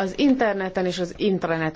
az interneten és az intraneten